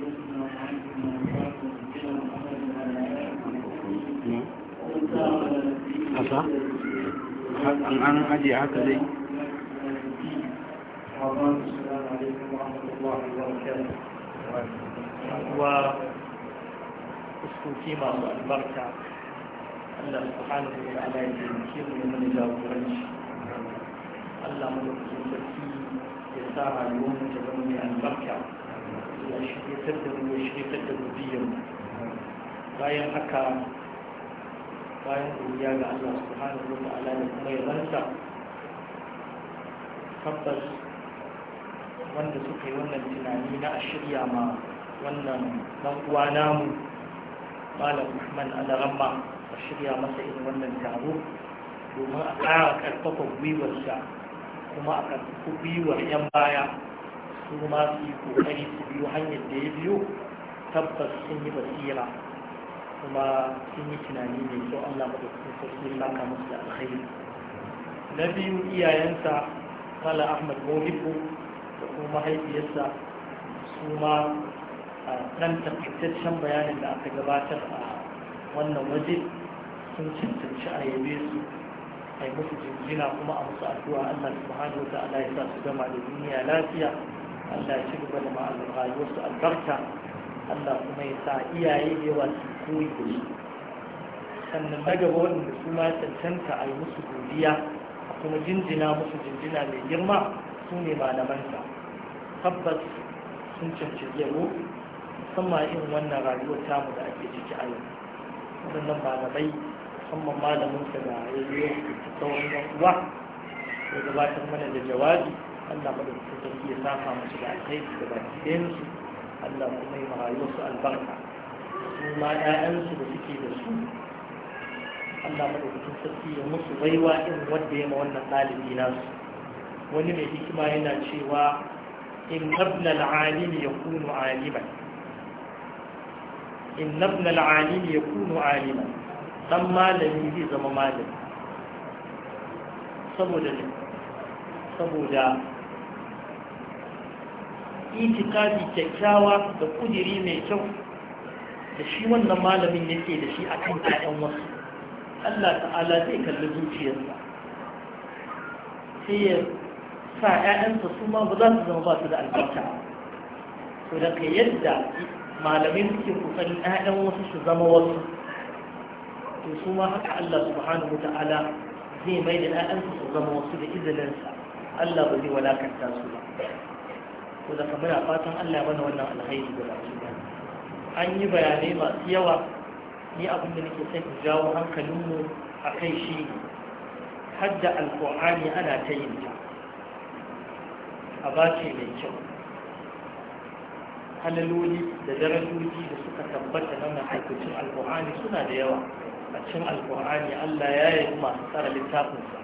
أصح؟ الآن أجي هكذا السلام عليكم ورحمة الله وبركاته وأسكن فيما البركة Allah subhanahu wa ta'ala ya taimake mu mana jagoranci Allah mu da sarki ya sa rayuwar mu ta zama mai albarka bayan haka bayan godiya ga Allah subhanahu wa ta'ala da kuma ya yabansa tabbas wanda suka yi wannan tunani na a shirya ma wannan dan uwa namu malam Usman Alaramma a shirya masa irin wannan taro domin a ƙara ƙarfafa gwiwarsa kuma a ƙarfafa gwiwar 'yan baya su ma su yi kokari su biyu hanyar da ya biyu tabbas sun yi basira kuma sun yi tunani mai kyau Allah sun sarki ya laka musu da alkhairi na biyu iyayensa kala Ahmad Modibo da kuma mahaifiyarsa su ma a ɗan bayanin da aka gabatar a wannan waje sun cancanci a yabe su a yi musu jinjina kuma a musu addu'a Allah subhanahu wa ta'ala ya sa su gama da duniya lafiya Allah ya ci gaba da ma'azin rayuwarsu albarka Allah kuma ya sa iyaye da yawa su koyi da sannan na gaba waɗanda su ma cancanta a yi musu godiya a kuma jinjina musu jinjina mai girma su ne malamansa tabbas sun cancanci yabo musamman irin wannan rayuwar tamu da ake ciki a yau waɗannan malamai musamman malamin da ya yi tsawon yan uwa ya gabatar mana da jawabi Allah madaukakin sarki ya saka musu da alkhairi da baki ɗayan su Allah kuma ya marayu su albarka su ma ƴaƴansu da suke da su Allah madaukakin sarki ya musu baiwa irin wanda ya ma wannan ɗalibi nasu wani mai hikima yana cewa in nabna al'alimi ya kunu aliman in nabna al'alimi ya kunu aliman dan malami zai zama malami saboda ne saboda itikafi kyakkyawa da kudiri mai kyau da shi wannan malamin yake da shi akan ƴaƴan wasu Allah ta'ala zai kalli zuciyarsa sai ya sa ƴaƴansa su ma ba za su zama ba su da albarka to da ka yadda malamai suke kokarin ƴaƴan wasu su zama wasu to su ma haka Allah subhanahu ta'ala zai mai da ƴaƴansa su zama wasu da izininsa Allah ba zai walakanta su ba Ku da muna fatan Allah mana wannan alkhairi da baki an yi bayanai masu yawa ni abin da nake son jawo hankalinmu a kai shi hadda alƙur'ani ana ta yin ta a bace mai kyau halaloli da darajoji da suka tabbata na ma'aikacin alƙur'ani suna da yawa a cikin alƙur'ani Allah ya yi masu tsara littafinsa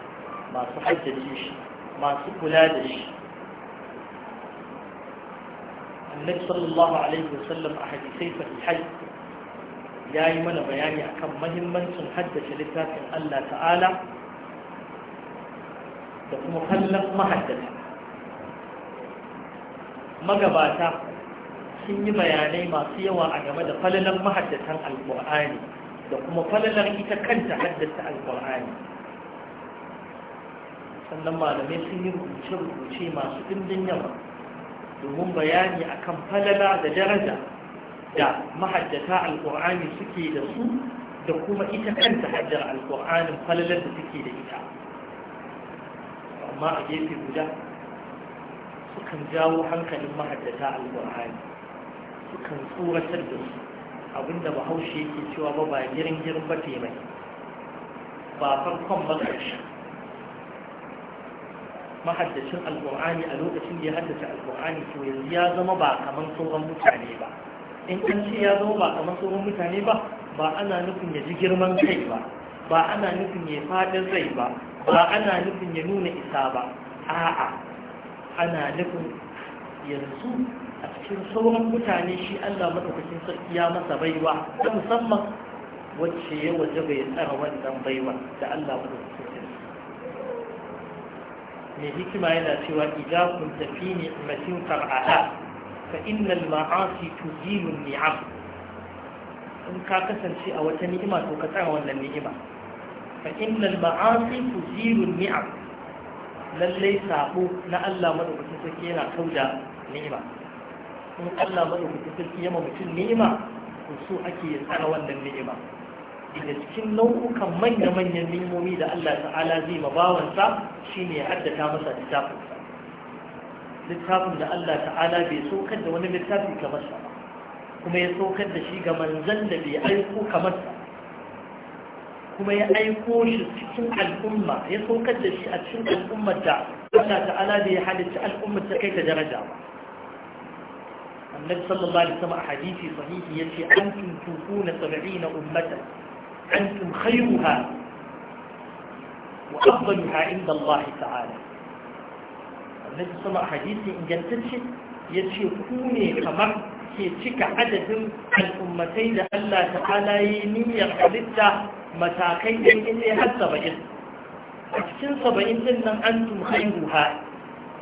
masu haddace shi masu kula da shi annabi sallallahu alaihi wasallam a hadisai sahihai ya yi mana bayani akan mahimmancin haddace littafin Allah ta'ala da kuma kallon mahaddata magabata sun yi bayanai masu yawa a game da falalar mahaddatan alkur'ani da kuma falalar ita kanta haddata sannan malamai sun yi rubuce-rubuce masu ɗimbin yawa domin bayani akan falala da daraja da mahajjata alkur'ani suke da su da kuma ita kanta hajjar alkur'anin falalar da suke da ita amma a gefe guda sukan jawo hankalin mahajjata alkur'ani sukan tsoratar da su abinda bahaushe yake cewa ba ba girin girin ba mai ba farkon ba ƙarshe mahaddacin alkur'ani a lokacin da ya haddace alkur'ani to yanzu ya zama ba kamar sauran mutane ba in kan ce ya zama ba kamar sauran mutane ba ba ana nufin ya ji girman kai ba ba ana nufin ya faɗin rai ba ba ana nufin ya nuna isa ba a'a ana nufin yanzu a cikin sauran mutane shi Allah madaukakin sarki ya masa baiwa ta musamman wacce ya waje bai tsara wannan baiwa da Allah madaukakin mai hikima yana cewa idza kunta fi ni'matin far'aha fa innal tu tuzilu ni'am in ka kasance a wata ni'ima to ka tsara wannan ni'ima Ka fa innal tu tuzilu ni'am lallai sabo na Allah madaukakin sarki yana kauda ni'ima in Allah madaukakin sarki ya mutum ni'ima to so ake ya tsara wannan ni'ima daga cikin nau'ukan manya-manyan nimomi da Allah ta'ala zai mabawansa shi ne haddata masa littafinsa littafin da Allah ta'ala bai saukar da wani littafi kamar sa kuma ya saukar da shi ga manzan da bai aiko kamar sa kuma ya aiko shi cikin al'umma ya saukar da shi a cikin al'ummar da Allah ta'ala bai halitta al'ummar ta kai ta daraja ba النبي صلى الله عليه وسلم حديث صحيح يتي أنتم توفون سبعين ummatan. أنتم خيرها وأفضلها عند الله تعالى النبي صلى الله عليه وسلم إن جلتش يتشكوني كمر يتشك عدد الأمتين ألا تعالى يمين يغلبت متاكين إني حتى بإذن أكسن سبعين سنة أنتم خيرها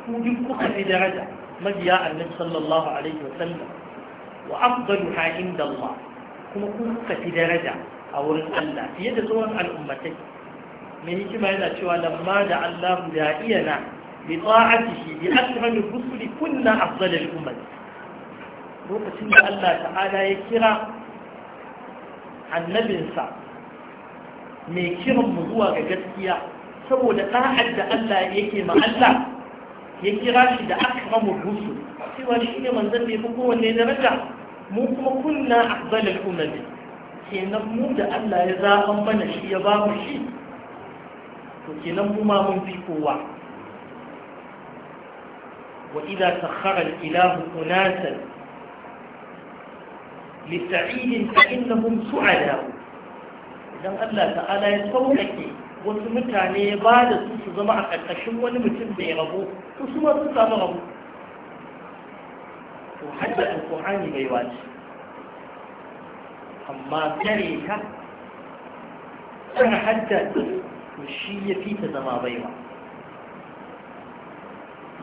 ودكك في درجة مجياء النبي صلى الله عليه وسلم وأفضلها عند الله كما كنت في درجة a wurin Allah fiye da tsohon al'ummatai mai hikima yana cewa lamma da Allah da iya na bi shi, bi asrami rusuli kunna afdalul umar?" lokacin da Allah ta'ala ya kira annabinsa mai kiran mu zuwa ga gaskiya saboda ɗa'ad da Allah yake ma Allah ya kira shi da akramu rusul cewa shi ne manzon da fi kowanne daraja mu kuma kunna afdalul ummat kenan mu da Allah ya zaɓan mana shi ya ba mu shi to kenan mu ma mun fi kowa wa idza sakhara al-ilahu unasan li sa'idin fa innahum su'ada idan Allah ta'ala ya sauƙaƙe wasu mutane ya ba da su su zama a ƙarƙashin wani mutum da ya rabo su su ma samu rabo to hajjar alƙur'ani bai wace amma tare ka kan hadda shi ya fi ta zama baiwa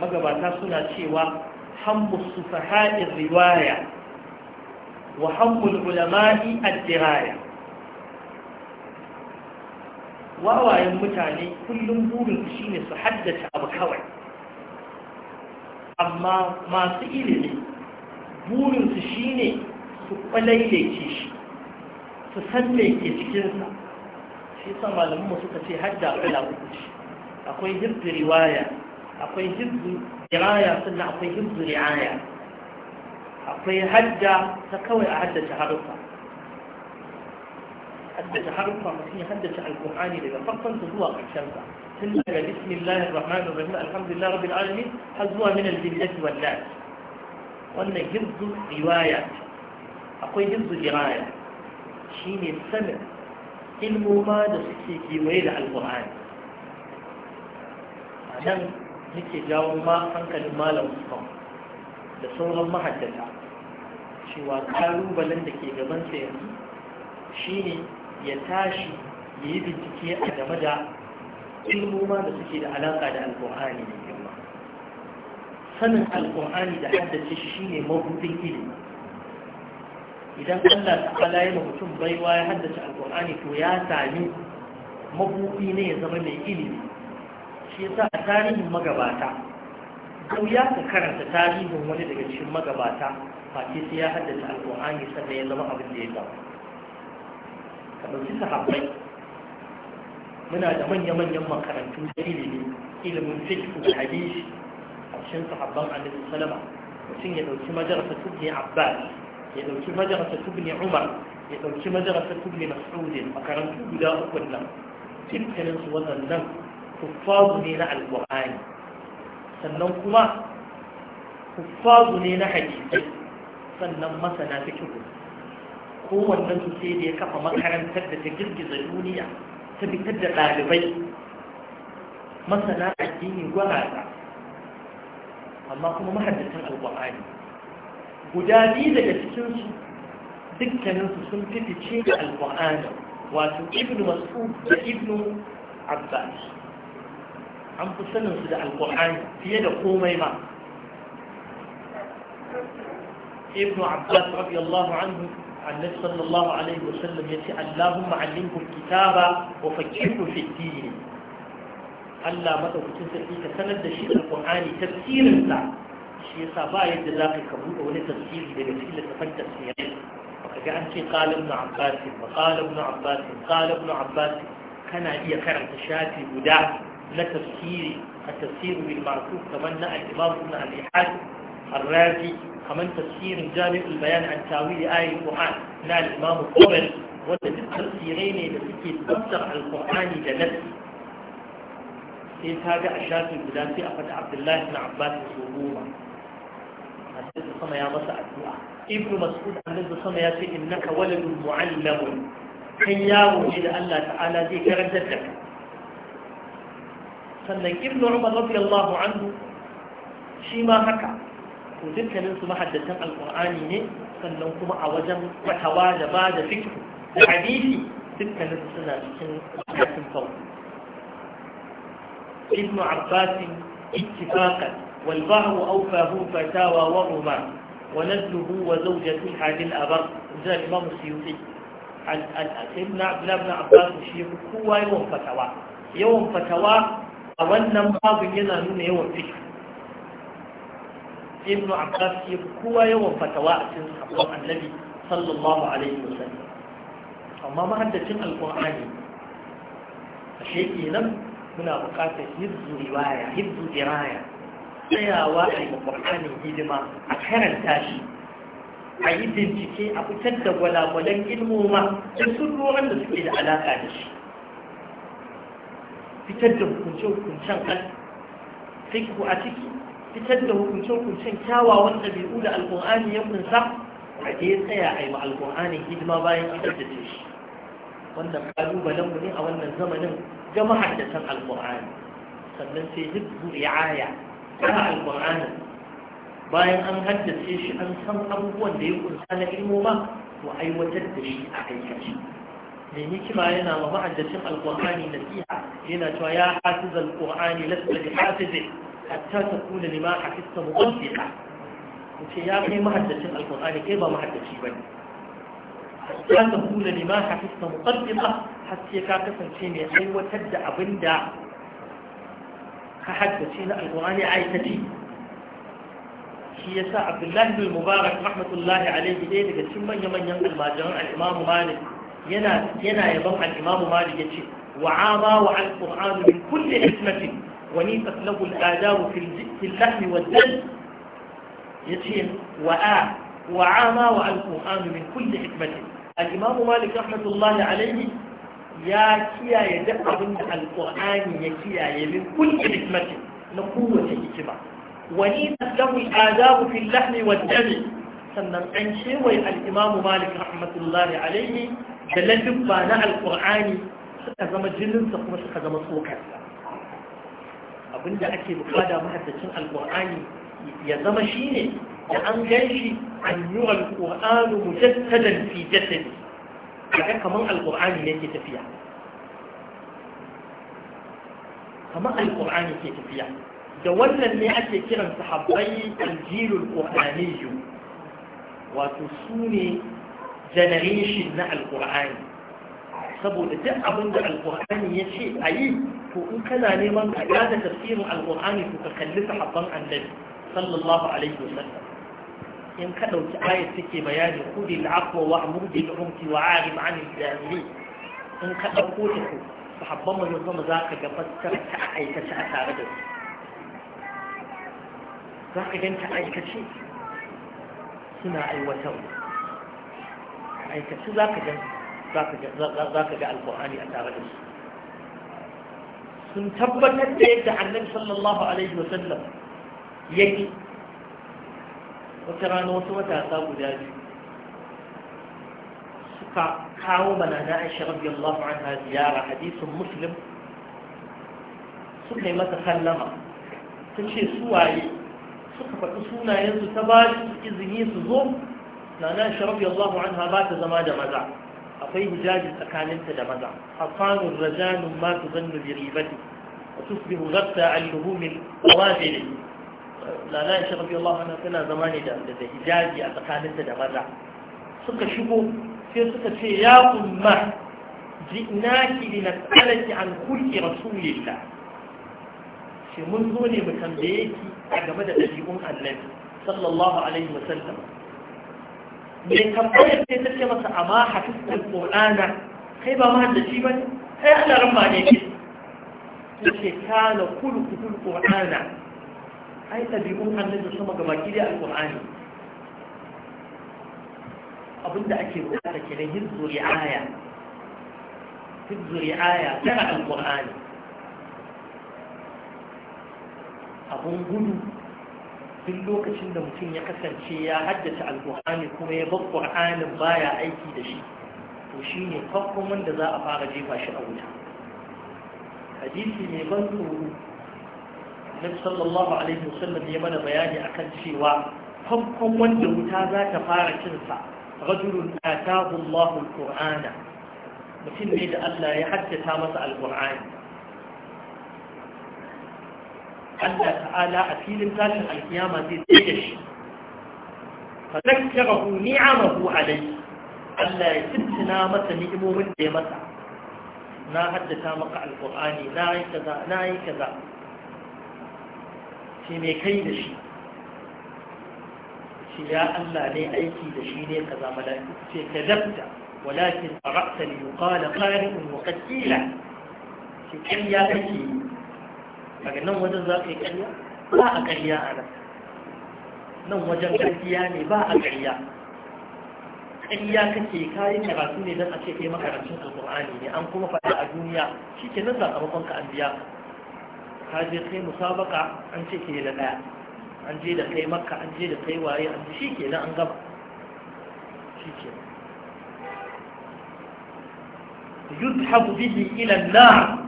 magabata suna cewa su sufaha'in riwaya wa hammul ulama'i addiraya wawayen mutane kullum burin shi ne su haddace abu kawai amma masu ilimi burinsu shi ne su kwalailece shi su san me ke cikinsa shi sa malamanmu suka ce hadda kala akwai hibzu riwaya akwai hibzu riwaya sannan akwai hibzu riaya akwai hadda ta kawai a haddace harufa haddace harufa mutum ya haddace alƙur'ani daga farkon su zuwa ƙarshensa tun daga bismillahir rahmanir rahim alhamdulillah rabbil alamin har zuwa min al-jillati wal wannan hibzu riwaya akwai hibzu riaya shine sanin ilmoma da suke kewaye da alƙur'ani a nan nake jawo ma hankalin malam usman da sauran mahaddata cewa ƙalubalen da ke gabansa yanzu ne ya tashi ya yi bincike a game da ilmoma da suke da alaƙa da alkur'ani da girma sanin alƙur'ani da haddace shi shine mabubin ilimi idan Allah ta'ala ya mutum baiwa ya haddace alkur'ani to ya sami mabuɗi ne ya zama mai ilimi shi yasa a tarihin magabata ko ya ka karanta tarihin wani daga cikin magabata face sai ya haddace Alƙur'ani, sannan ya zama abin da ya zama ka ɗauki sahabbai muna da manya-manyan makarantu da ilimi ilimin fiqh da hadisi a cikin sahabban annabi sallama mutum ya ɗauki majarasa tukki abbas ya dauki madrasa ibn umar ya dauki madrasa ibn mas'ud makarantu guda uku nan dukkanin su waɗannan kuffazu ne na alqur'ani sannan kuma kuffazu ne na hadisi sannan masana fiqh kowannen su sai da ya kafa makarantar da ta girgiza duniya ta fitar da ɗalibai masana addini gwara amma kuma mahaddatan alqur'ani guda biyu daga cikinsu dukkaninsu sun fi fice da alƙur'ani wato ibn mas'ud da Ibnu abbas an fi saninsu da alƙur'ani fiye da komai ma Ibnu abbas radiyallahu anhu annabi sallallahu alaihi wasallam ya ce allahumma allimhu ba wa faqihu fi din Allah madaukakin sarki ka sanar da shi alƙur'ani tafsirinsa shi yasa ba yadda za ka ka buɗe wani tasiri daga cikin littafan tafsirai ka ga an ce qala ibn abbas ba qala ibn abbas qala ibn abbas kana iya karanta shafi guda na tafsiri a tafsirin bil ma'ruf kaman na al-imam ibn al-ihad الرازي كمان تفسير al البيان عن تاويل آية القرآن لا الإمام الطبري وده تفسيرين التي تفسر على القرآن جنبي إيه هذا أشار في البلاد في أحد abdullahi na بن su الصبومة annabi sama ya masa addu'a ibnu mas'ud annabi sama ya ce innaka waladun mu'allamun kan yawo ne da Allah ta'ala zai karantar da kai sannan ibnu umar radiyallahu anhu shi ma haka to dukkanin su mahaddatan alqur'ani ne sannan kuma a wajen fatawa da ba da fiqh da hadisi dukkanin su suna cikin cikin fawo ibnu abbas ittifaqan والبعض أوفاه فتاوى ورما ونزله وزوجته حال الأبر زي الإمام السيوطي سيدنا عبد الله بن عباس الشيخ هو يوم فتوى يوم فتوى أولا ما بينا نون يوم فكر ابن عباس الشيخ هو يوم فتوى أسنس النبي صلى الله عليه وسلم amma mahaddacin alƙur'ani a shekinan muna buƙatar hibzu riwaya hibzu diraya tsayawa a yi ƙwarƙani hidima a karanta shi a yi bincike a fitar da gwalagwalan ilmoma da sun sunrorin da suke da alaƙa da shi fitar da hukunce-hukuncen fikihu a ciki fitar da hukunce-hukuncen kyawawan ɗabi'u da alƙur'ani ya kunsa a da ya tsaya a yi ma alƙur'ani hidima bayan an da shi wannan ƙalubalenmu ne a wannan zamanin ga mahaddatan alƙur'ani sannan sai ya ri'aya kana alƙur'ani bayan an haddace shi an san abubuwan da ya kunsa na ilmo ba to aiwatar da shi a aikace mai hikima yana ma ma'addacin alƙur'ani nasiha yana cewa ya hafiz alƙur'ani lasta bi hafizi hatta takuna lima hafizta muwaffiqa ce ya kai mahaddacin alƙur'ani kai ba mahaddaci bane ya ta kula ne ma hafista muƙaddima har sai ka kasance mai aiwatar da abin da كحدثين القرآن عائشتي هي سا عبد الله بن المبارك رحمة الله عليه ذي ذي ثم يمن يمن يمن يمن يمن الإمام مالك ينا ينا يضم الإمام مالك يجي وعاما وعن القرآن من كل حكمة ونيفت له الآداب في في اللحم والدم يجي وعا وعاما وعن القرآن من كل حكمة الإمام مالك رحمة الله عليه ya kiyaye duk abin da alƙur'ani ya kiyaye min kulli hikmati na kowace hikima wani lahu azabu fil lahmi dami sannan an shewai al-imamu malik rahmatullahi alaihi da ladubba na alƙur'ani suka zama jininsa kuma suka zama tsokarsa abinda ake bukada mahaddacin alƙur'ani ya zama shine da an gan shi an yi alƙur'anu mujaddadan fi jasadi kaga kamar alkur'ani ne ke tafiya kaman ke tafiya da wannan ne ake kiran sahabbai aljilul qur'aniyyu wato su ne generation na alqur'ani saboda duk abin da alkur'ani ya ce a yi to in kana neman ka gada tafsirin alkur'ani to ka kalli sahabban annabi sallallahu alaihi wasallam إن كانوا آية تكي بياني قول العفو وعمر بالعمت وعالم عن الجاملين إن كانوا قولك فحبما يظلم ذاك قبل ترك أي تسعة عدد ذاك جنت أي كشي سنا أي وتو أي كشي ذاك جنت ذاك جنت ذاك جاء القرآن أتعرض سنتبت النبي صلى الله عليه وسلم يجي wata rana wasu ta guda biyu suka kawo mana na aisha rabbi Allah anha ziyara hadisun muslim suka yi mata sallama sun ce su waye suka faɗi sunayensu ta ba su izini su zo na na aisha rabbi Allah anha ba ta zama da maza akwai hijabi tsakaninta da maza afanun rajanun ma tuzannu bi ribati wa tusbihu ghatta al-luhum al-wazili Lalai ya shirfi Allah wani tana zama ne da hijabi a tsakaninta da maza suka shigo sai suka ce ya umma ki li nas'alaki an kulli rasulillah shi mun zo ne mu tambaye ki a game da ɗabi'un annabi sallallahu alaihi wa sallam me tambayar sai ta ce masa amma hafizul qur'ana kai ba mahallaci ba ne kai Allah ran ba ne ke ce kana kullu kullu qur'ana ai ɗabi'un annabi sama ga baki da alƙur'ani abinda ake bukata kenan hizzu ri'aya hizzu ri'aya tana alƙur'ani abun gudu duk lokacin da mutum ya kasance ya haddace alƙur'ani kuma ya bar ƙur'anin baya aiki da shi to shine ne farkon wanda za a fara jefa shi a wuta hadisi mai ban tsoro النبي صلى الله عليه وسلم يمنى بياني أكد شيوا هم هم وانجو تابا كفارة شنفا رجل آتاه الله القرآن مثل ميد ألا يحد تتامس القرآن الله تعالى أكيد ذلك القيامة دي تيجش فذكره نعمه عليه ألا يتبتنا متى نئمه من ديمتا نا حد تامقع القرآن نا كذا نا كذا shi mai kai da shi shi ya Allah ne aiki da shi ne kaza mala'iku ce ka dabta walakin qara'ta li yuqala qari'un wa qad qila shi ya kake daga nan wajen za ka yi kariya ba a kariya a nan nan wajen kariya ne ba a kariya kariya kake kayi karatu ne don a ce kai makarancin alqur'ani ne an kuma faɗi a duniya shi ke nan sakamakon ka an biya هذه في مسابقة عن شيء كذا لا عن جيل في مكة عن جيل في واي عن شيء لا عن غب شيء كذا يذهب به إلى النار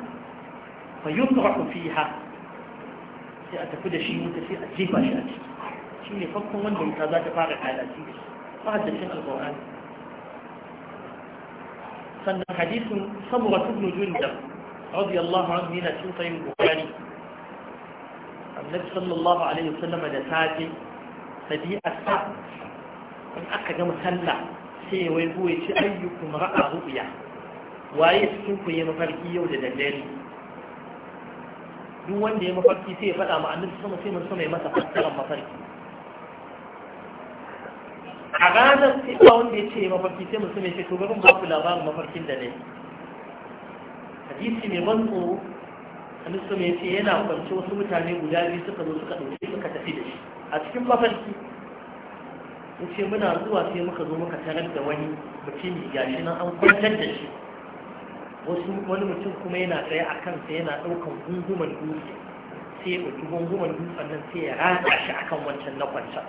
فيطرح فيها في أتفد شيء متفق أجيب أشياء شيء يفكر من المتابعات فارغ على شيء فهذا شيء القرآن فان صبغة بن جندب رضي الله عنه من سلطة البخاري annabi sallallahu alaihi wasallam da safe tabi'arsa in aka gama sallah sai ya waigo ya ce ayyukum ra'a ru'ya waye cikin ku ya mafarki yau da daddare duk wanda ya mafarki sai ya faɗa ma annabi sama sai mun sama ya masa fassarar mafarki a ranar sai ba wanda ya ce ya mafarki sai mun sama ya ce to garin ba ku labarin mafarkin da ne hadisi mai ban tsoro annisum ya ce yana kwance wasu mutane guda biyu suka zo suka ɗauke suka tafi da shi a cikin mafarki ya ce muna zuwa sai muka zo muka tarar da wani mutumi gashi nan an kwantar da shi wasu wani mutum kuma yana tsaye a kansa yana ɗaukan gunguman dutse sai ya ɗauki gunguman dutsen nan sai ya rata shi akan wancan na kwanta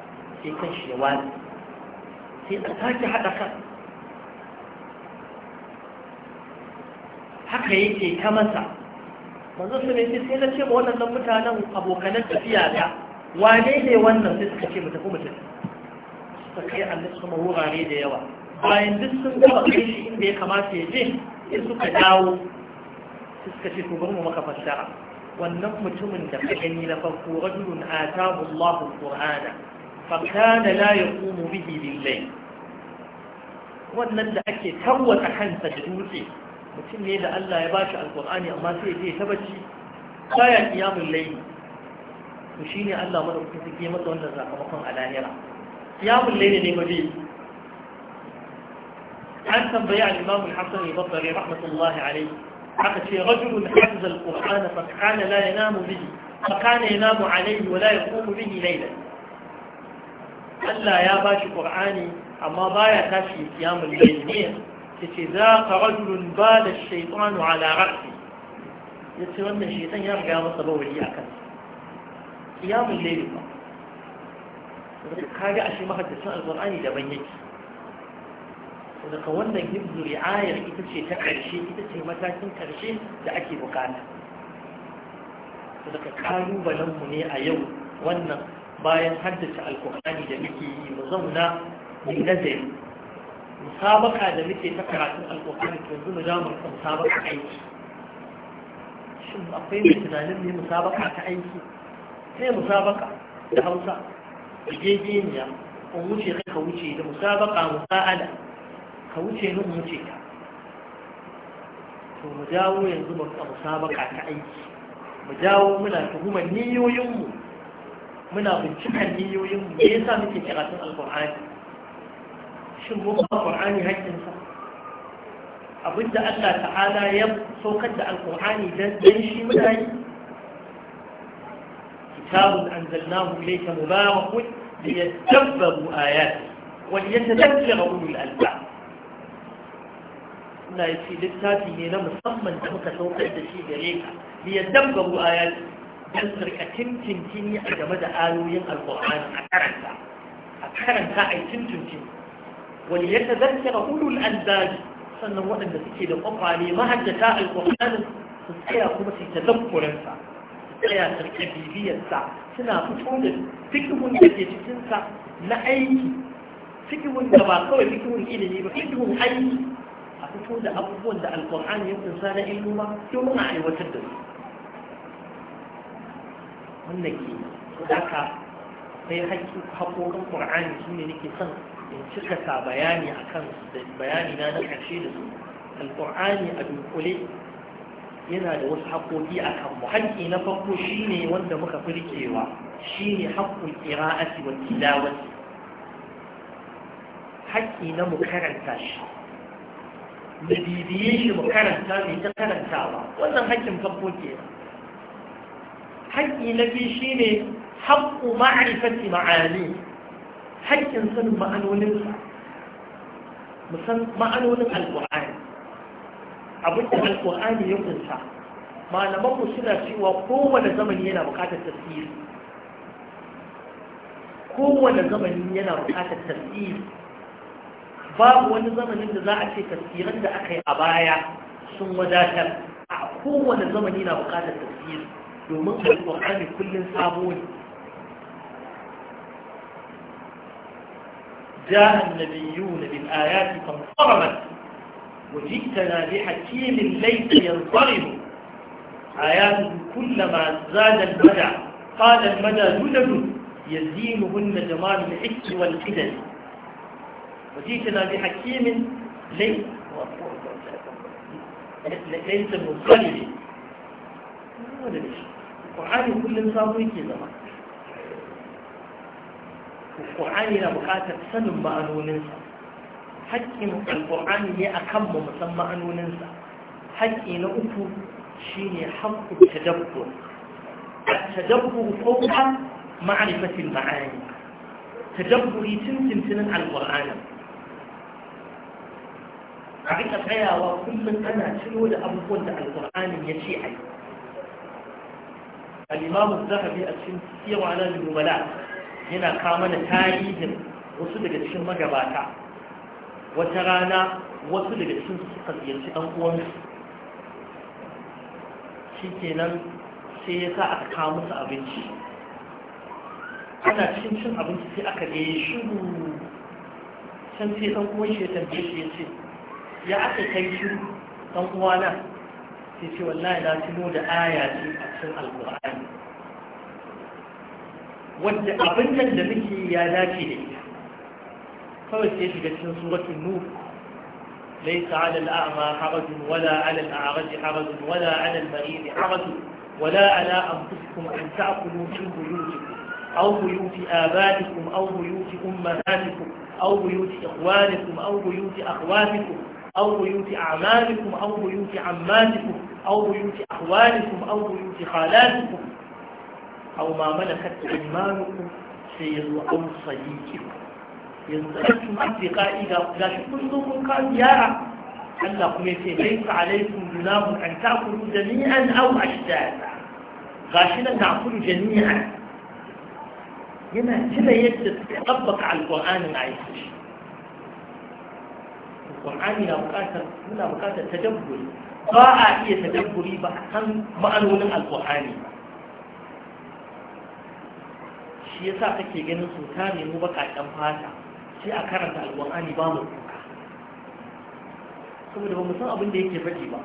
sai kan shi ya wani sai a sake haɗa kan haka yake ta masa manzo su ne sai na ce ma waɗannan mutanen abokanan tafiya ta wane ne wannan sai suka ce mu tafi mu tafi suka kai annabi kuma wurare da yawa bayan duk sun gaba kai shi inda ya kamata ya je sai suka dawo suka ce to bari mu maka fassara wannan mutumin da ka gani na farko rajulun atahu Allahu qur'ana fa kana la yaqumu bihi bil wannan da ake tarwata kansa da dutse mutum ne da Allah ya bashi alkur'ani amma sai ya je ta bacci baya qiyamul layl to ne Allah madaukakin sarki masa wannan sakamakon a lahira qiyamul layl ne mabi an tambayi al-Imam al-Hasan al-Basri rahmatullahi alayhi haka ce rajulun hafza al-Qur'an fa kana la yanamu bihi fa kana yanamu alayhi wa la yaqumu bihi laylan Allah ya bashi Qur'ani amma baya tashi qiyamul layl ne yace za ka rajulun bala shaytanu ala ra'si yace wannan shaytan ya riga masa bawali akan qiyamul layl ba kaga ashe mahaddacin alqur'ani daban yake daga wannan hibzu ri'ayar ita ce ta ƙarshe ita ce matakin ƙarshe da ake bukata daga mu ne a yau wannan bayan haddace alkur'ani da muke yi mu zauna mai nazari musabaka da muke ta karatun alƙur'ani to yanzu mu za rika musabaka aiki shin akwai mai tunanin mai musabaka ta aiki sai musabaka da hausa da gejeniya in wuce kai ka wuce da musabaka musa'ada ka wuce ni wuce ka to mu dawo yanzu mu rika musabaka ta aiki mu dawo muna tuhumar niyoyinmu muna bincikan niyoyinmu me yasa muke karatun alƙur'ani shin mun ba Qur'ani haƙƙinsa abinda Allah ta'ala ya saukar da Alƙur'ani dan dan shi muna yi kitabun anzalnahu ilayka mubarakun liyadabbaru ayati wa liyatadhakkara ulul albab Allah ya ce littafi ne na musamman da muka saukar da shi gare ka liyadabbaru ayati dan sarkatin tintini a game da ayoyin Alƙur'ani a karanta a karanta a tintintini وليتذكر أولو الألباب سنة وأن تكيد القطع لي ما هجتا القرآن تسعيا كما تتذكر انسا تسعيا تركبيبية انسا سنة فتحول فكه الذي تنسى لأيك فكه الدباقة وفكه الإلمي وفكه الأيك أفتحول أبوان القرآن يمكن سنة إلمه يوم معي وتدري wannan ke da ka sai haƙƙoƙin ƙur'ani shi ne nake son cika sa bayani a kan bayani na na ƙarshe da su alƙur'ani a dunkule yana da wasu haƙoƙi a kan mu haƙƙi na farko shine wanda muka fi riƙewa shine haƙƙun ƙira'ati wa tilawati haƙƙi na mu karanta shi da bibiye shi mu karanta mai ta karantawa wannan haƙƙin farko ke haƙƙi na biyu shine haƙƙu ma'arifati ma'ani haƙƙin sanin ma'anoninsa musan ma'anonin alƙur'ani abin da alƙur'ani ya kunsa malamanmu suna cewa kowane zamani yana buƙatar tasiri kowane zamani yana buƙatar tasiri babu wani zamanin da za a ce tasirin da aka yi a baya sun wadatar a kowane zamani yana buƙatar tasiri domin alƙur'ani kullum sabo ne جاء النبيون بالآيات فانصرمت وجئتنا بحكيم ليس ينصرم آياته كلما زاد المدى قال المدى جدد يزينهن جمال الحس والحدد وجئتنا بحكيم ليس ليس منصرم القرآن كل صابوي كذا Qur'ani na buƙatar sanin ma'anoninsa haƙƙin alƙur'ani ne a kan mu san ma'anoninsa haƙƙi na uku shi ne haƙƙin tadabbur tadabbur ko ka ma'arifatin ma'ani tadabburi tun tuntunin alƙur'ani a rika tsayawa kullum ana ciro da abubuwan da alƙur'anin ya ce a yi الإمام الذهبي أسفل سير على النبلاء yana kama da tarihin wasu daga cikin magabata wata rana wasu daga cikin su suka ziyarci ɗan uwansu shi kenan sai ya sa aka kawo musu abinci ana cikin cin abinci sai aka ga shiru can sai ɗan uwan shi ya tambaye shi ya ce ya aka kai shi, ɗan uwana sai ce wallahi na tuno da aya ce a cikin alƙur'ani Wadda abin nan da muke ya dace da ita kawai sai shiga cikin suratul nur laysa 'ala al-a'ma harajun wala 'ala al-a'raji harajun wala 'ala al-mariyid harajun wala 'ala anfusikum an ta'kulu min buyutikum aw buyuti abaikum aw buyuti ummahatikum aw buyuti ikhwanikum aw buyuti akhwatikum aw buyuti a'malikum aw buyuti ammatikum aw buyuti ahwalikum aw buyuti khalatikum أو ما ملكت أيمانكم ي م ا ن ك صديقكم ينصحكم اصدقائي اذا شفتم صوتكم قال يا انكم ليس عليكم جناب ان تاكلوا جميعا او اشتاء غاشنا ناكل جميعا هنا ن ا على القران ما يخشى القران لا مكاتب ولا مكاتب تدبر ط هي ع ي تدبري بحقا معلوم القران shi sa ake ganin su tare mu bakaƙen fata Shi a karanta alƙur'ani ba mu kuka saboda ba mu san abin da yake faɗi ba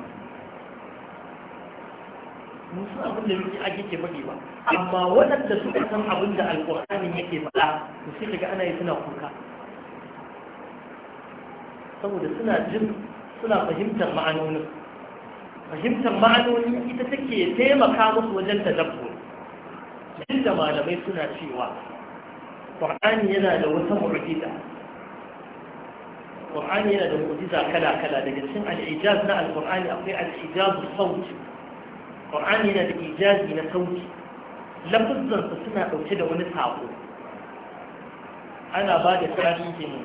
mu san abin da yake ake ke faɗi ba amma waɗanda suka san abin da alƙur'ani yake faɗa su sai daga ana yi suna kuka saboda suna jin suna fahimtar ma'anonin fahimtar ma'anoni ita take taimaka musu wajen ta duk da malamai suna cewa ƙwar'ani yana da wata mu'jiza yana da mu'jiza kala-kala daga cikin al'ijaz na al'ƙwar'ani akwai al'ijazu sauti ƙwar'ani yana da ijazi na sauti lafizansa suna ɗauke da wani sako ana ba da tarihin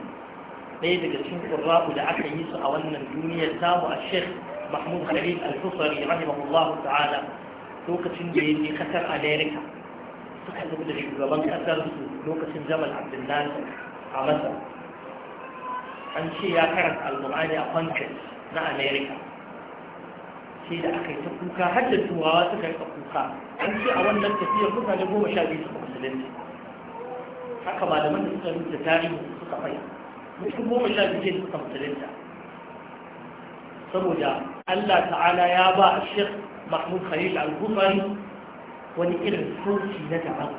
ɗaya daga cikin ƙurra'u da aka yi su a wannan duniyar samu a shek mahmud khalil al-fusari rahimahullahu ta'ala lokacin da ya je kasar america suka zo da shugaban kasar lokacin jamal abdullahi a masar an ce ya karanta alkur'ani a congress na america sai da aka yi ta kuka har da turawa suka rika kuka an ce a wannan tafiyar mutane goma sha biyu suka musulunci haka malaman da suka rubuta tarihi suka fai mutum goma sha biyu ne suka musulunta saboda allah ta'ala ya ba a shek mahmud khalil al-gufari wani irin sauci na daban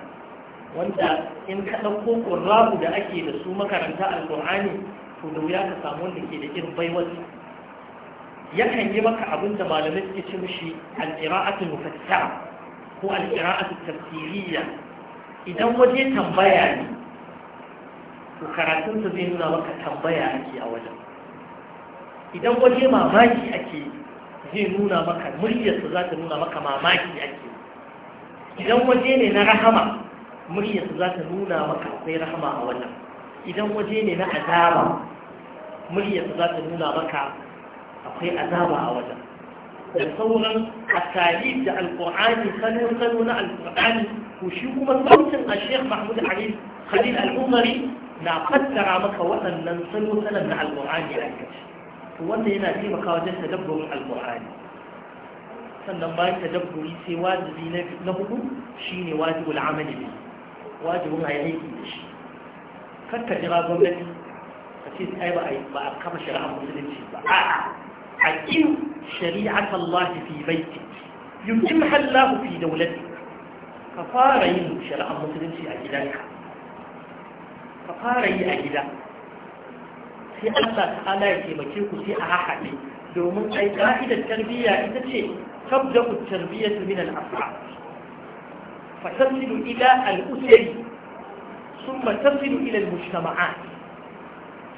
wanda in ka ɗauko ƙurrabu da ake da su makaranta alƙur'ani to da wuya ka samu wanda ke da irin baiwarsa yakan yi maka abin da malamai suke ce mishi alƙira'atu mufassara ko alƙira'atu tafsiriyya idan waje tambaya ne to karatunsa zai nuna maka tambaya ake a wajen idan waje mamaki ake zai nuna maka muryarsa za ta nuna maka mamaki ake idan waje ne na rahama muryarsa za ta nuna maka akwai rahama a wannan idan waje ne na azaba muryarsa za ta nuna maka akwai azaba a wannan da sauran asali da alkur'ani salo-salo na alkur'ani ko shi kuma sautin a sheikh mahmud ali khalil al'umari na fassara maka waɗannan salo-salon na alkur'ani a aikace to wannan yana taimakawa wajen tadabbarin alkur'ani sannan bayan tadabburi sai wajibi na hudu shine wajibul amali ne wajibin a yi aiki da shi kar ka jira gwamnati a ce ai ba a kama shari'a musulunci ba a aqim shari'at Allah fi baiti yumkin hallahu fi daulati ka fara yin shari'a musulunci a gida ka fara yi a gida sai Allah ta'ala ya taimake ku sai a hahaɗe domin ai ka'idar tarbiyya ita ce تبدأ التربية من الأفعال فتصل إلى الأسر ثم تصل إلى المجتمعات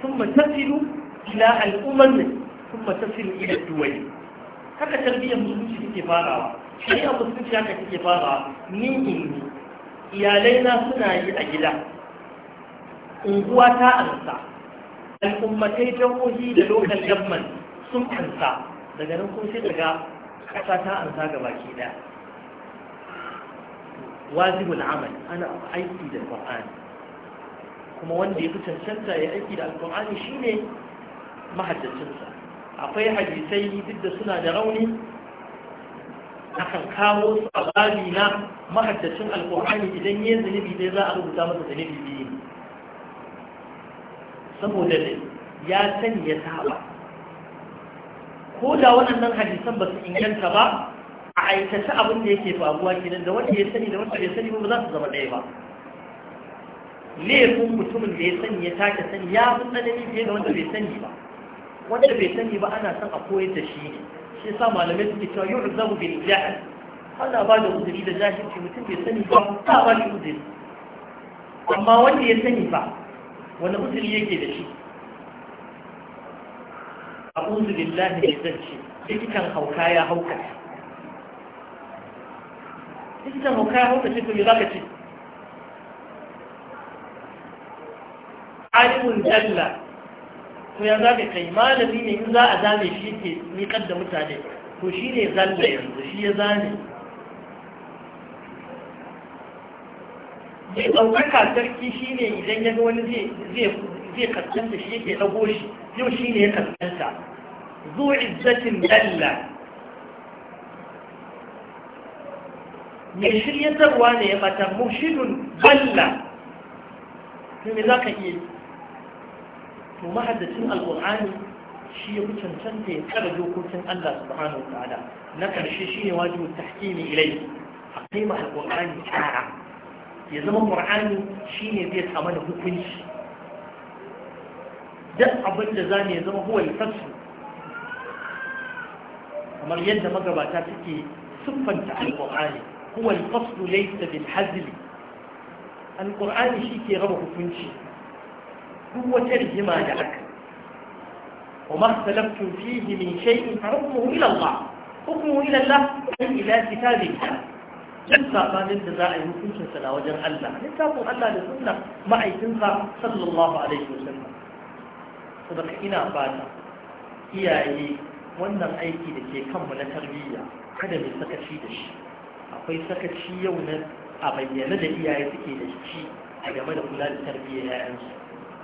ثم تصل إلى الأمم ثم تصل إلى الدول haka tarbiyyar musulunci take farawa shari'ar musulunci haka take farawa ni in iyalai na suna yi a gida unguwa ta ansa al'ummatai jihohi da lokal gamman sun daga nan kuma sai daga ƙasa ta ansa ga baki ɗaya wajibul amal ana aiki da qur'ani kuma wanda ya fi cancanta ya aiki da alqur'ani shine mahaddacinsa akwai hadisai duk da suna da rauni akan kawo su a na mahaddacin alkur'ani idan ya zunubi dai za a rubuta masa zunubi biyu saboda ya sani ya saba ko da waɗannan hadisan ba su inganta ba a aikace abin da yake faruwa kenan da wanda ya sani da wanda bai sani ba za su zama ɗaya ba laifin mutumin da ya sani ya take sani ya fi tsanani fiye da wanda bai sani ba wanda bai sani ba ana son a koyar da shi ne shi yasa malamai suke cewa yu'zabu bil jahl Allah ba da uzuri da jahilci mutum bai sani ba ta ba shi uzuri amma wanda ya sani ba wani uzuri yake da shi a uzu billahi da zarce likitan hauka ya hauka likitan hauka ya hauka ce to me za ka ce alimun jalla to ya za ka kai malami ne in za a zame shi ke nikar da mutane to shi ne zalla yanzu shi ya zame ya ɗaukaka sarki shi ne idan ya ga wani zai kasance shi yake ɗago shi yau shi ne ya kaskanta zuwa izzatin dalla mai shiryatarwa ne ya bata mushidun dalla to me za ka iya to mahaddacin alƙur'ani shi ya fi cancanta ya tsara dokokin Allah subhanahu wa ta'ala na Karshe. shi ne wajibu tahkimi ilai a kai ma alƙur'ani tsara ya zama ƙur'ani shi ne zai samu da hukunci duk abin da za mu ya zama huwa alfasu kamar yadda magabata suke siffanta alƙur'ani huwa alfasu laysa bil hazili alƙur'ani shi ke raba hukunci duk wata rigima da aka وما اختلفتم فيه من شيء فحكمه إلى الله حكمه إلى الله أي إلى كتاب الله لن سأقال الجزاء يكون شسنا وجر الله لن تقول الله لسنة معي تنفى صلى الله عليه وسلم saboda ina fata iyaye wannan aiki da ke kanmu na tarbiyya kada mai sakaci da shi akwai sakaci yau na a bayyane da iyaye suke da shi a game da kula da tarbiyyar yayansu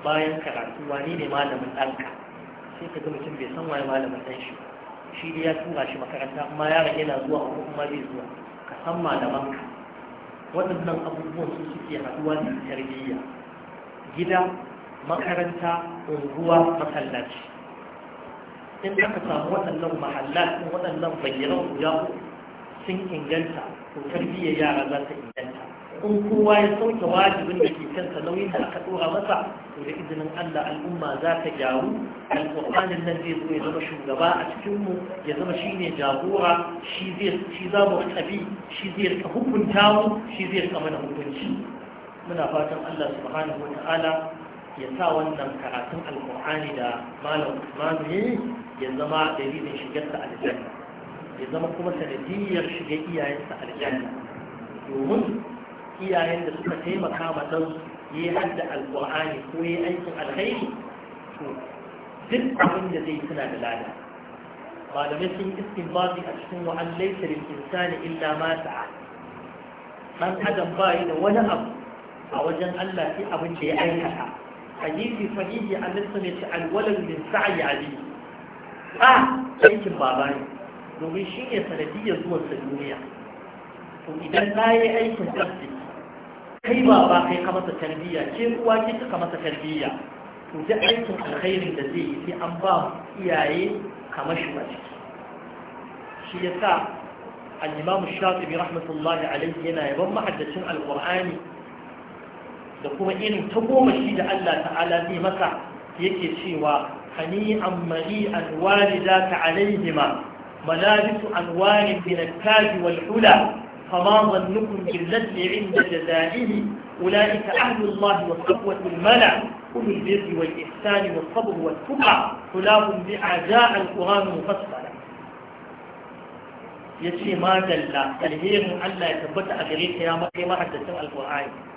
bayan karatu wani ne malamin ɗanka sai ka ga mutum bai san waye malamin ɗan shi shi dai ya tura shi makaranta amma yaron yana zuwa ko kuma bai zuwa ka san ka. waɗannan abubuwan su suke haɗuwa da tarbiyya gida makaranta unguwa masallaci in aka samu waɗannan mahalla waɗannan bayyanan guda sun inganta ko tarbiyyar yara za ta inganta in kowa ya sauke wajibin da ke kansa nauyin da aka dora masa to da izinin Allah al'umma za ta gyaru alƙur'anin nan zai zo ya zama shugaba a cikin mu ya zama shine jagora shi zai shi za mu tabi shi zai ka hukunta mu shi zai ka mana hukunci muna fatan Allah subhanahu wataala ya sa wannan karatun alkur'ani da malam Usmanu ne ya zama dalilin shigarsa aljanna ya zama kuma sanadiyyar shiga iyayensa aljanna domin iyayen da suka taimaka ma ɗan ya hadda alkur'ani ko ya aikin alkhairi to duk abin da zai suna da lada malamai sun yi istinbati a cikin wa'an laisa insani illa ma sa'a dan adam bai da wani abu a wajen Allah sai abin da ya aikata hadisi sahihi annabi sun yace alwalad min sa'i ali a aikin baba ne domin shi ne sanadiyyar zuwan sa duniya to idan na yi aikin tsafti kai baba kai ka masa tarbiyya ke uwa ke kika masa tarbiyya to duk aikin alkhairin da zai yi sai an ba iyaye kamar shi ba ciki shi yasa al-imam shafi rahmatullahi alayhi yana yaban mahaddacin alqur'ani da kuma irin ta goma shi da Allah ta'ala zai maka yake cewa hani an mari an wari za ta alaihi ma malabisu an wari binattaji wal hula fama zannukun jillatli inda da za'ihi ula'ika ahlullahi wa sabwatul mala kudu birri wa sabu wa tuka hulahun bi a za'al ƙuranu mufassara ya ce ma dalla alherin Allah ya tabbata a gare ta ya maka yi mahaddasin alƙur'ani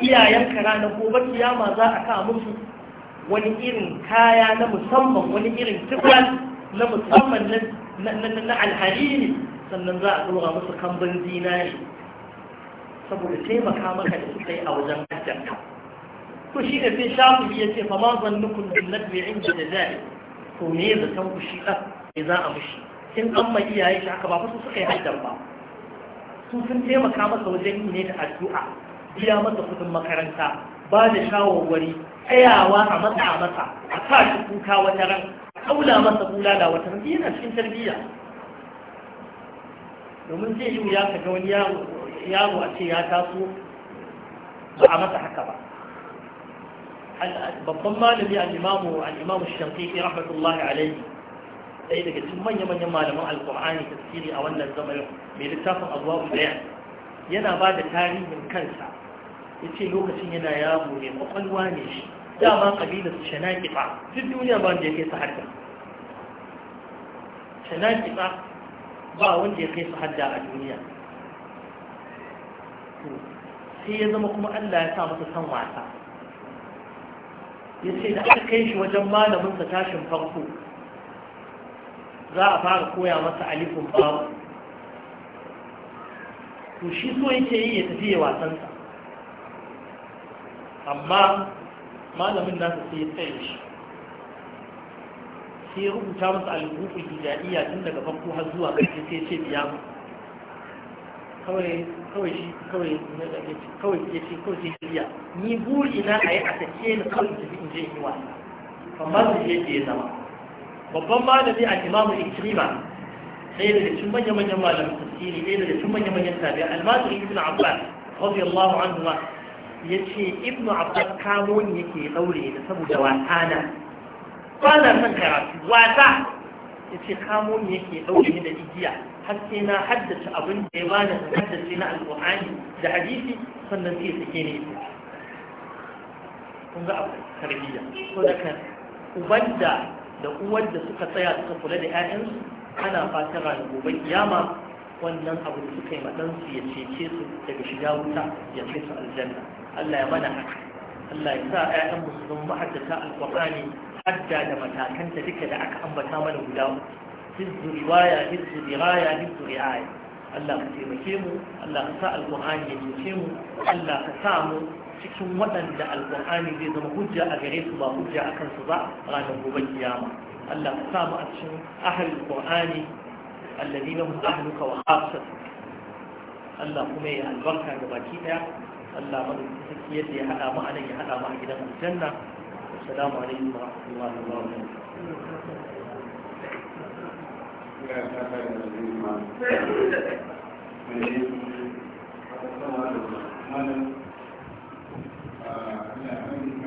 iyayenka ranar gobe kiyama za a kawo musu wani irin kaya na musamman wani irin tufan na musamman na alhariri sannan za a dora musu kambun zinari saboda taimaka maka da suka yi a wajen hajjarka to shi ne sai shafi ya ce fama nukun bin nadbi inda da zai to me da san ku shi ɗan me za a mushi in an ma iyaye shi haka ba fa su suka yi hajjar ba su sun taimaka masa wajen yi ne da addu'a biya masa kudin makaranta ba da shawarwari tsayawa a masa a masa a sa shi kuka wata ran a kaula masa kula da wata ran yana cikin tarbiyya domin zai yi wuya ka ga wani yaro a ce ya taso ba a masa haka ba babban malami al'imamu al'imamu shafifi rahmatullahi alaihi ɗaya daga cikin manya-manyan malaman alkur'ani tafsiri a wannan zamanin mai littafin abuwa ɗaya yana ba da tarihin kansa ya ce lokacin yana yawo ne kwakwalwa ne shi dama ƙabilar su shanakiɓa duk duniya ba wanda ya kai su hadda shanakiɓa ba wanda ya kai su hadda a duniya sai ya zama kuma Allah ya sa masa son wasa ya ce da aka kai shi wajen malaminsa tashin farko za a fara koya masa alifin babu to shi so yake yi ya tafi ya wasansa amma malamin nasa sai ya tsaye shi sai ya rubuta masa alhukun hijaiya tun daga farko har zuwa ƙarshe sai ce biya mu kawai kawai shi kawai kawai ya ce kawai sai biya ni buri na a yi a sake ni kawai tafi in je in yi wasa amma su je ke zama babban malami a imamu ikrima ɗaya daga cikin manya-manyan malamin tafsiri ɗaya daga cikin manya-manyan tabi'a almasu ibn abbas radiyallahu anhu ma ya ce ibnu abbas kamo ne yake daure da saboda wasa na ba na son karatu wasa ya ce kamo ne yake daure ni da igiya har sai na haddace abin da ya bani da haddace na alƙur'ani da hadisi sannan sai sake ne kun ga abu tarbiyya so da kan uban da da uwar da suka tsaya suka kula da 'ya'yansu ana fatan ranar gobe kiyama wannan abu da suka yi maɗansu ya cece su daga shiga wuta ya kai su aljanna Allah ya mana haka Allah ya sa ƴaƴan musulun mahaddata qurani hajja da matakanta duka da aka ambata mana guda hizzu riwaya hizzu diraya hizzu riaya Allah ka taimake mu Allah ka sa qurani ya cece mu Allah ka sa mu cikin waɗanda al-Qur'ani zai zama hujja a gare su ba hujja a kansu ba ranar gobe kiyama Allah ka sa mu a cikin ahlul qur'ani alladhina hum ahluka wa khassatuka Allah kuma ya albarka ga baki daya Allah madaukakin yadda ya haɗa mu a nan ya haɗa mu a gidan aljanna assalamu alaikum wa rahmatullahi wa barakatuh